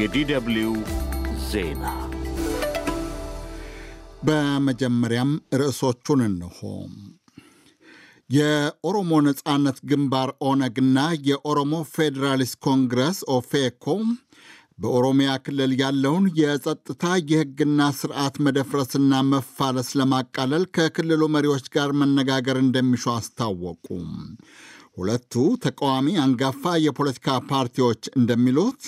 የዲደብልዩ ዜና በመጀመሪያም ርዕሶቹን እንሆ። የኦሮሞ ነጻነት ግንባር ኦነግና የኦሮሞ ፌዴራሊስት ኮንግረስ ኦፌኮ በኦሮሚያ ክልል ያለውን የጸጥታ የሕግና ስርዓት መደፍረስና መፋለስ ለማቃለል ከክልሉ መሪዎች ጋር መነጋገር እንደሚሹ አስታወቁ። ሁለቱ ተቃዋሚ አንጋፋ የፖለቲካ ፓርቲዎች እንደሚሉት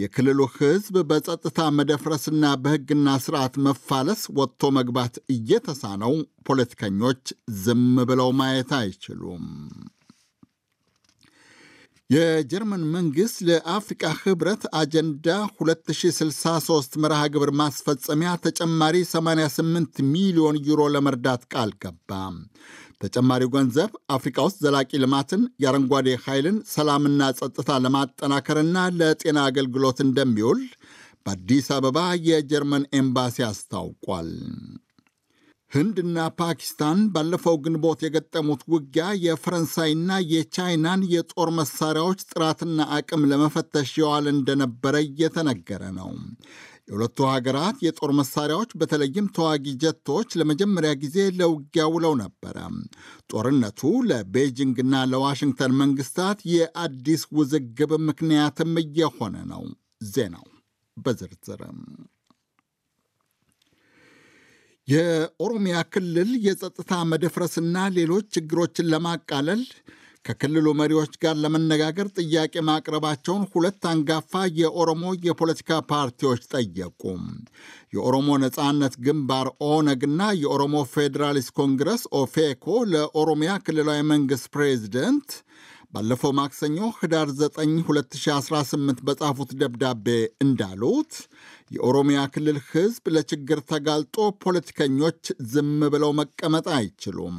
የክልሉ ህዝብ በጸጥታ መደፍረስና በህግና ስርዓት መፋለስ ወጥቶ መግባት እየተሳነው ፖለቲከኞች ዝም ብለው ማየት አይችሉም። የጀርመን መንግሥት ለአፍሪቃ ኅብረት አጀንዳ 2063 መርሃ ግብር ማስፈጸሚያ ተጨማሪ 88 ሚሊዮን ዩሮ ለመርዳት ቃል ገባ። ተጨማሪው ገንዘብ አፍሪካ ውስጥ ዘላቂ ልማትን፣ የአረንጓዴ ኃይልን፣ ሰላምና ጸጥታ ለማጠናከርና ለጤና አገልግሎት እንደሚውል በአዲስ አበባ የጀርመን ኤምባሲ አስታውቋል። ህንድና ፓኪስታን ባለፈው ግንቦት የገጠሙት ውጊያ የፈረንሳይና የቻይናን የጦር መሳሪያዎች ጥራትና አቅም ለመፈተሽ የዋለ እንደነበረ እየተነገረ ነው። የሁለቱ ሀገራት የጦር መሳሪያዎች በተለይም ተዋጊ ጀቶች ለመጀመሪያ ጊዜ ለውጊያ ውለው ነበረ። ጦርነቱ ለቤጂንግና ለዋሽንግተን መንግስታት የአዲስ ውዝግብ ምክንያትም እየሆነ ነው። ዜናው በዝርዝርም የኦሮሚያ ክልል የጸጥታ መደፍረስና ሌሎች ችግሮችን ለማቃለል ከክልሉ መሪዎች ጋር ለመነጋገር ጥያቄ ማቅረባቸውን ሁለት አንጋፋ የኦሮሞ የፖለቲካ ፓርቲዎች ጠየቁ። የኦሮሞ ነጻነት ግንባር ኦነግና የኦሮሞ ፌዴራሊስት ኮንግረስ ኦፌኮ ለኦሮሚያ ክልላዊ መንግሥት ፕሬዚደንት ባለፈው ማክሰኞ ህዳር 9 2018 በጻፉት ደብዳቤ እንዳሉት የኦሮሚያ ክልል ህዝብ ለችግር ተጋልጦ ፖለቲከኞች ዝም ብለው መቀመጥ አይችሉም።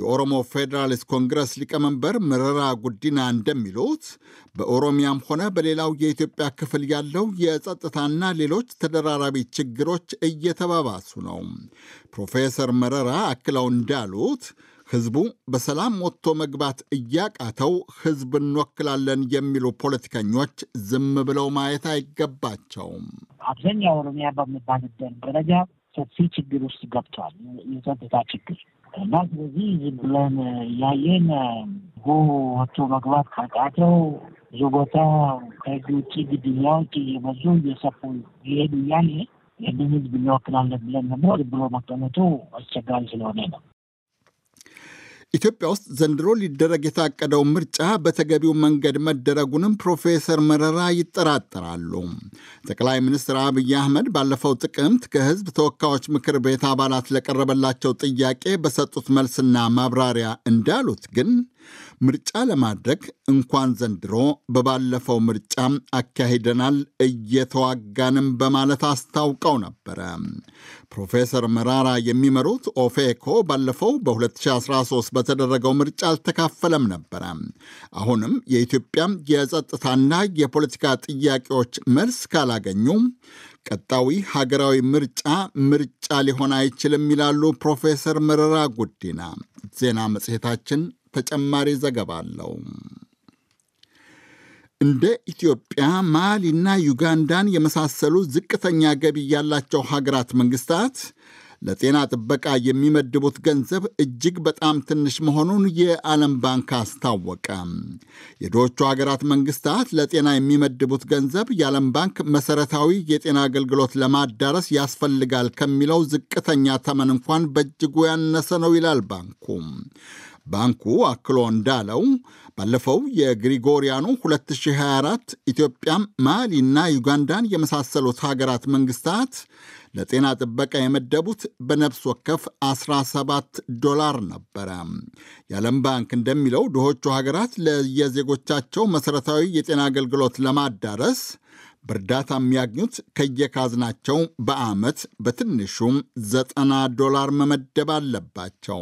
የኦሮሞ ፌዴራሊስት ኮንግረስ ሊቀመንበር መረራ ጉዲና እንደሚሉት በኦሮሚያም ሆነ በሌላው የኢትዮጵያ ክፍል ያለው የጸጥታና ሌሎች ተደራራቢ ችግሮች እየተባባሱ ነው። ፕሮፌሰር መረራ አክለው እንዳሉት ህዝቡ በሰላም ወጥቶ መግባት እያቃተው ህዝብ እንወክላለን የሚሉ ፖለቲከኞች ዝም ብለው ማየት አይገባቸውም። አብዛኛው ኦሮሚያ በሚባልበት ደረጃ ሰፊ ችግር ውስጥ ገብቷል። የጸጥታ ችግር እና ስለዚህ ዝም ብለን እያየን ህዝቡ ወጥቶ መግባት ካቃተው ብዙ ቦታ ከህግ ውጭ ግድያዎች እየበዙ እየሰፉ ይሄዱ እያለ ይህንን ህዝብ እንወክላለን ብለን ደግሞ ብሎ መቀመጡ አስቸጋሪ ስለሆነ ነው። ኢትዮጵያ ውስጥ ዘንድሮ ሊደረግ የታቀደው ምርጫ በተገቢው መንገድ መደረጉንም ፕሮፌሰር መረራ ይጠራጠራሉ። ጠቅላይ ሚኒስትር አብይ አህመድ ባለፈው ጥቅምት ከህዝብ ተወካዮች ምክር ቤት አባላት ለቀረበላቸው ጥያቄ በሰጡት መልስና ማብራሪያ እንዳሉት ግን ምርጫ ለማድረግ እንኳን ዘንድሮ በባለፈው ምርጫም አካሂደናል እየተዋጋንም በማለት አስታውቀው ነበረ። ፕሮፌሰር መራራ የሚመሩት ኦፌኮ ባለፈው በ2013 በተደረገው ምርጫ አልተካፈለም ነበረ። አሁንም የኢትዮጵያም የጸጥታና የፖለቲካ ጥያቄዎች መልስ ካላገኙ ቀጣዊ ሀገራዊ ምርጫ ምርጫ ሊሆን አይችልም ይላሉ ፕሮፌሰር መረራ ጉዲና። ዜና መጽሔታችን ተጨማሪ ዘገባ አለው። እንደ ኢትዮጵያ ማሊና ዩጋንዳን የመሳሰሉ ዝቅተኛ ገቢ ያላቸው ሀገራት መንግስታት ለጤና ጥበቃ የሚመድቡት ገንዘብ እጅግ በጣም ትንሽ መሆኑን የዓለም ባንክ አስታወቀ። የድሆቹ ሀገራት መንግስታት ለጤና የሚመድቡት ገንዘብ የዓለም ባንክ መሰረታዊ የጤና አገልግሎት ለማዳረስ ያስፈልጋል ከሚለው ዝቅተኛ ተመን እንኳን በእጅጉ ያነሰ ነው ይላል ባንኩ። ባንኩ አክሎ እንዳለው ባለፈው የግሪጎሪያኑ 2024 ኢትዮጵያም ማሊና ዩጋንዳን የመሳሰሉት ሀገራት መንግስታት ለጤና ጥበቃ የመደቡት በነፍስ ወከፍ 17 ዶላር ነበረ። የዓለም ባንክ እንደሚለው ድሆቹ ሀገራት ለየዜጎቻቸው መሠረታዊ የጤና አገልግሎት ለማዳረስ በእርዳታ የሚያግኙት ከየካዝናቸው በዓመት በትንሹም ዘጠና ዶላር መመደብ አለባቸው።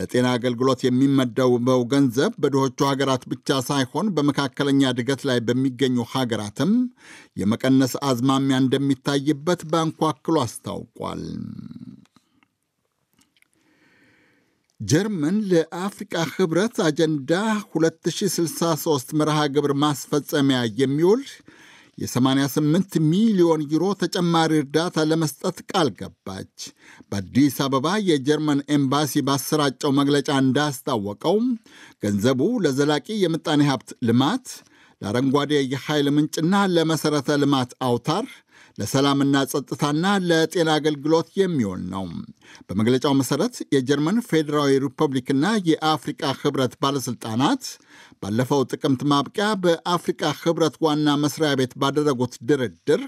ለጤና አገልግሎት የሚመደበው ገንዘብ በድሆቹ ሀገራት ብቻ ሳይሆን በመካከለኛ እድገት ላይ በሚገኙ ሀገራትም የመቀነስ አዝማሚያ እንደሚታይበት ባንኩ አክሎ አስታውቋል። ጀርመን ለአፍሪቃ ህብረት አጀንዳ 2063 መርሃ ግብር ማስፈጸሚያ የሚውል የ88 ሚሊዮን ዩሮ ተጨማሪ እርዳታ ለመስጠት ቃል ገባች። በአዲስ አበባ የጀርመን ኤምባሲ ባሰራጨው መግለጫ እንዳስታወቀው ገንዘቡ ለዘላቂ የምጣኔ ሀብት ልማት ለአረንጓዴ የኃይል ምንጭና ለመሠረተ ልማት አውታር ለሰላምና ጸጥታና ለጤና አገልግሎት የሚሆን ነው። በመግለጫው መሰረት የጀርመን ፌዴራዊ ሪፐብሊክና የአፍሪቃ ህብረት ባለሥልጣናት ባለፈው ጥቅምት ማብቂያ በአፍሪቃ ህብረት ዋና መስሪያ ቤት ባደረጉት ድርድር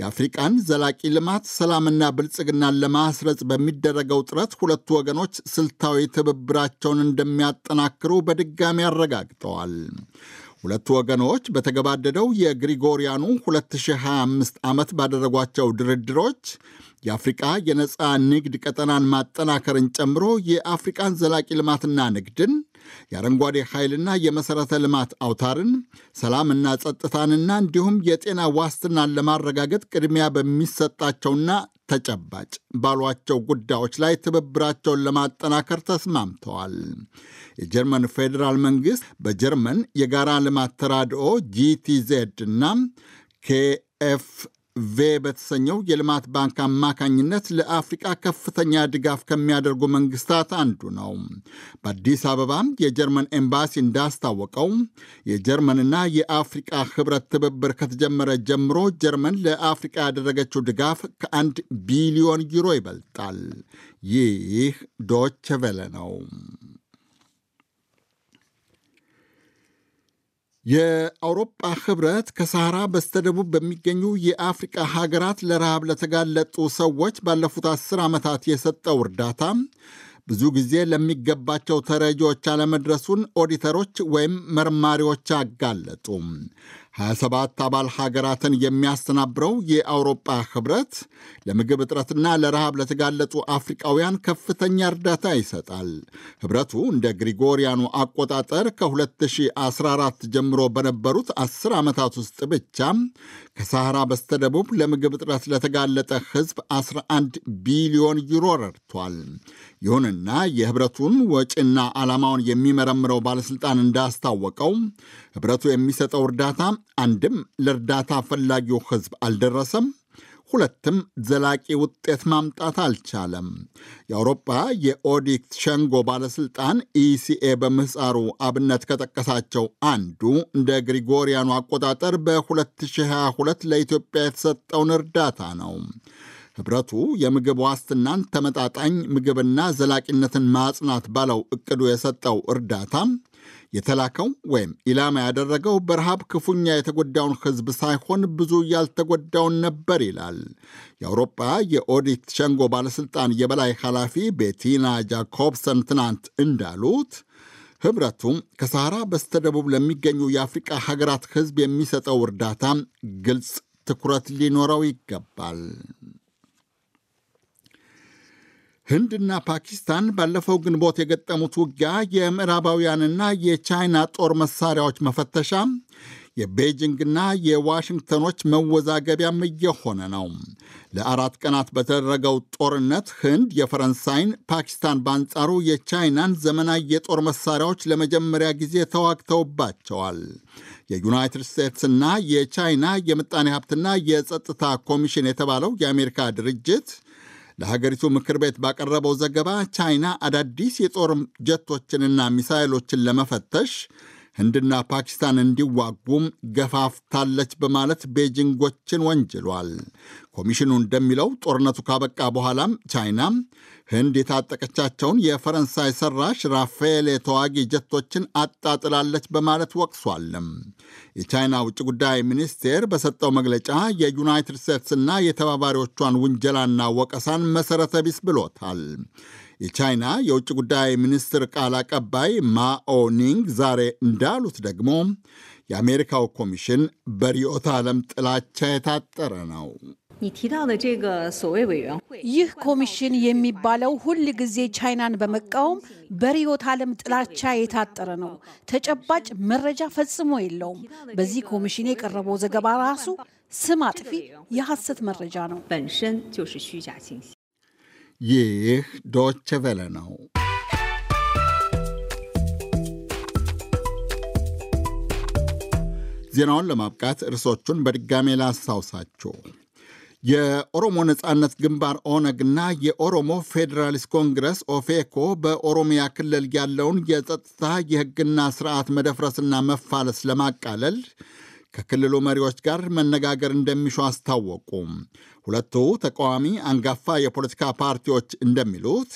የአፍሪቃን ዘላቂ ልማት ሰላምና ብልጽግናን ለማስረጽ በሚደረገው ጥረት ሁለቱ ወገኖች ስልታዊ ትብብራቸውን እንደሚያጠናክሩ በድጋሚ አረጋግጠዋል። ሁለቱ ወገኖች በተገባደደው የግሪጎሪያኑ 2025 ዓመት ባደረጓቸው ድርድሮች የአፍሪቃ የነፃ ንግድ ቀጠናን ማጠናከርን ጨምሮ የአፍሪቃን ዘላቂ ልማትና ንግድን የአረንጓዴ ኃይልና የመሠረተ ልማት አውታርን፣ ሰላምና ጸጥታንና እንዲሁም የጤና ዋስትናን ለማረጋገጥ ቅድሚያ በሚሰጣቸውና ተጨባጭ ባሏቸው ጉዳዮች ላይ ትብብራቸውን ለማጠናከር ተስማምተዋል። የጀርመን ፌዴራል መንግሥት በጀርመን የጋራ ልማት ተራድኦ ጂቲዜድ እና ኬኤፍ ቬ በተሰኘው የልማት ባንክ አማካኝነት ለአፍሪቃ ከፍተኛ ድጋፍ ከሚያደርጉ መንግስታት አንዱ ነው። በአዲስ አበባ የጀርመን ኤምባሲ እንዳስታወቀው የጀርመንና የአፍሪቃ ህብረት ትብብር ከተጀመረ ጀምሮ ጀርመን ለአፍሪቃ ያደረገችው ድጋፍ ከአንድ ቢሊዮን ዩሮ ይበልጣል። ይህ ዶችቨለ ቬለ ነው። የአውሮጳ ህብረት ከሳህራ በስተደቡብ በሚገኙ የአፍሪቃ ሀገራት ለረሃብ ለተጋለጡ ሰዎች ባለፉት አስር ዓመታት የሰጠው እርዳታ ብዙ ጊዜ ለሚገባቸው ተረጂዎች አለመድረሱን ኦዲተሮች ወይም መርማሪዎች አጋለጡ። 27 አባል ሀገራትን የሚያስተናብረው የአውሮፓ ህብረት ለምግብ እጥረትና ለረሃብ ለተጋለጡ አፍሪቃውያን ከፍተኛ እርዳታ ይሰጣል። ህብረቱ እንደ ግሪጎሪያኑ አቆጣጠር ከ2014 ጀምሮ በነበሩት 10 ዓመታት ውስጥ ብቻ ከሳህራ በስተደቡብ ለምግብ እጥረት ለተጋለጠ ህዝብ 11 ቢሊዮን ዩሮ ረድቷል። ይሁንና የህብረቱን ወጪና ዓላማውን የሚመረምረው ባለሥልጣን እንዳስታወቀው ህብረቱ የሚሰጠው እርዳታ አንድም ለእርዳታ ፈላጊው ህዝብ አልደረሰም፣ ሁለትም ዘላቂ ውጤት ማምጣት አልቻለም። የአውሮፓ የኦዲት ሸንጎ ባለሥልጣን ኢሲኤ በምህፃሩ አብነት ከጠቀሳቸው አንዱ እንደ ግሪጎሪያኑ አቆጣጠር በ2022 ለኢትዮጵያ የተሰጠውን እርዳታ ነው። ህብረቱ የምግብ ዋስትናን ተመጣጣኝ ምግብና ዘላቂነትን ማጽናት ባለው እቅዱ የሰጠው እርዳታ የተላከው ወይም ኢላማ ያደረገው በረሃብ ክፉኛ የተጎዳውን ህዝብ ሳይሆን ብዙ ያልተጎዳውን ነበር ይላል። የአውሮፓ የኦዲት ሸንጎ ባለሥልጣን የበላይ ኃላፊ ቤቲና ጃኮብሰን ትናንት እንዳሉት ህብረቱ ከሰሃራ በስተደቡብ ለሚገኙ የአፍሪቃ ሀገራት ህዝብ የሚሰጠው እርዳታ ግልጽ ትኩረት ሊኖረው ይገባል። ህንድና ፓኪስታን ባለፈው ግንቦት የገጠሙት ውጊያ የምዕራባውያንና የቻይና ጦር መሳሪያዎች መፈተሻ የቤጂንግና የዋሽንግተኖች መወዛገቢያም እየሆነ ነው። ለአራት ቀናት በተደረገው ጦርነት ህንድ የፈረንሳይን፣ ፓኪስታን በአንጻሩ የቻይናን ዘመናዊ የጦር መሳሪያዎች ለመጀመሪያ ጊዜ ተዋግተውባቸዋል። የዩናይትድ ስቴትስና የቻይና የምጣኔ ሀብትና የጸጥታ ኮሚሽን የተባለው የአሜሪካ ድርጅት ለሀገሪቱ ምክር ቤት ባቀረበው ዘገባ ቻይና አዳዲስ የጦር ጀቶችንና ሚሳይሎችን ለመፈተሽ ህንድና ፓኪስታን እንዲዋጉም ገፋፍታለች በማለት ቤጂንጎችን ወንጅሏል። ኮሚሽኑ እንደሚለው ጦርነቱ ካበቃ በኋላም ቻይና ህንድ የታጠቀቻቸውን የፈረንሳይ ሰራሽ ራፋኤል የተዋጊ ጀቶችን አጣጥላለች በማለት ወቅሷልም። የቻይና ውጭ ጉዳይ ሚኒስቴር በሰጠው መግለጫ የዩናይትድ ስቴትስና የተባባሪዎቿን ውንጀላና ወቀሳን መሰረተ ቢስ ብሎታል። የቻይና የውጭ ጉዳይ ሚኒስትር ቃል አቀባይ ማኦኒንግ ዛሬ እንዳሉት ደግሞ የአሜሪካው ኮሚሽን በርዕዮተ ዓለም ጥላቻ የታጠረ ነው። ይህ ኮሚሽን የሚባለው ሁል ጊዜ ቻይናን በመቃወም በርዕዮተ ዓለም ጥላቻ የታጠረ ነው። ተጨባጭ መረጃ ፈጽሞ የለውም። በዚህ ኮሚሽን የቀረበው ዘገባ ራሱ ስም አጥፊ የሐሰት መረጃ ነው። ይህ ዶች ቬለ ነው። ዜናውን ለማብቃት እርሶቹን በድጋሜ ላስታውሳችሁ። የኦሮሞ ነጻነት ግንባር ኦነግና የኦሮሞ ፌዴራሊስት ኮንግረስ ኦፌኮ በኦሮሚያ ክልል ያለውን የጸጥታ የሕግና ስርዓት መደፍረስና መፋለስ ለማቃለል ከክልሉ መሪዎች ጋር መነጋገር እንደሚሹ አስታወቁ። ሁለቱ ተቃዋሚ አንጋፋ የፖለቲካ ፓርቲዎች እንደሚሉት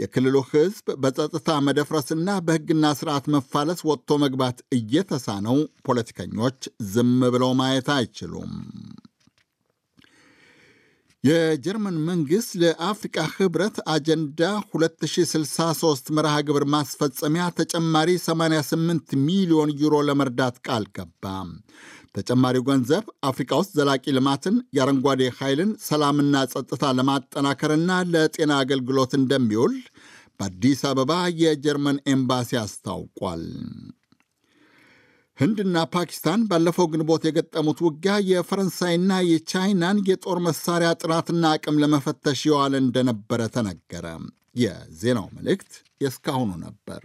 የክልሉ ሕዝብ በጸጥታ መደፍረስና በሕግና ስርዓት መፋለስ ወጥቶ መግባት እየተሳነው ፖለቲከኞች ዝም ብለው ማየት አይችሉም። የጀርመን መንግስት ለአፍሪቃ ህብረት አጀንዳ 2063 መርሃ ግብር ማስፈጸሚያ ተጨማሪ 88 ሚሊዮን ዩሮ ለመርዳት ቃል ገባ። ተጨማሪው ገንዘብ አፍሪካ ውስጥ ዘላቂ ልማትን፣ የአረንጓዴ ኃይልን፣ ሰላምና ጸጥታ ለማጠናከርና ለጤና አገልግሎት እንደሚውል በአዲስ አበባ የጀርመን ኤምባሲ አስታውቋል። ህንድና ፓኪስታን ባለፈው ግንቦት የገጠሙት ውጊያ የፈረንሳይና የቻይናን የጦር መሳሪያ ጥራትና አቅም ለመፈተሽ የዋለ እንደነበረ ተነገረ። የዜናው መልእክት የእስካሁኑ ነበር።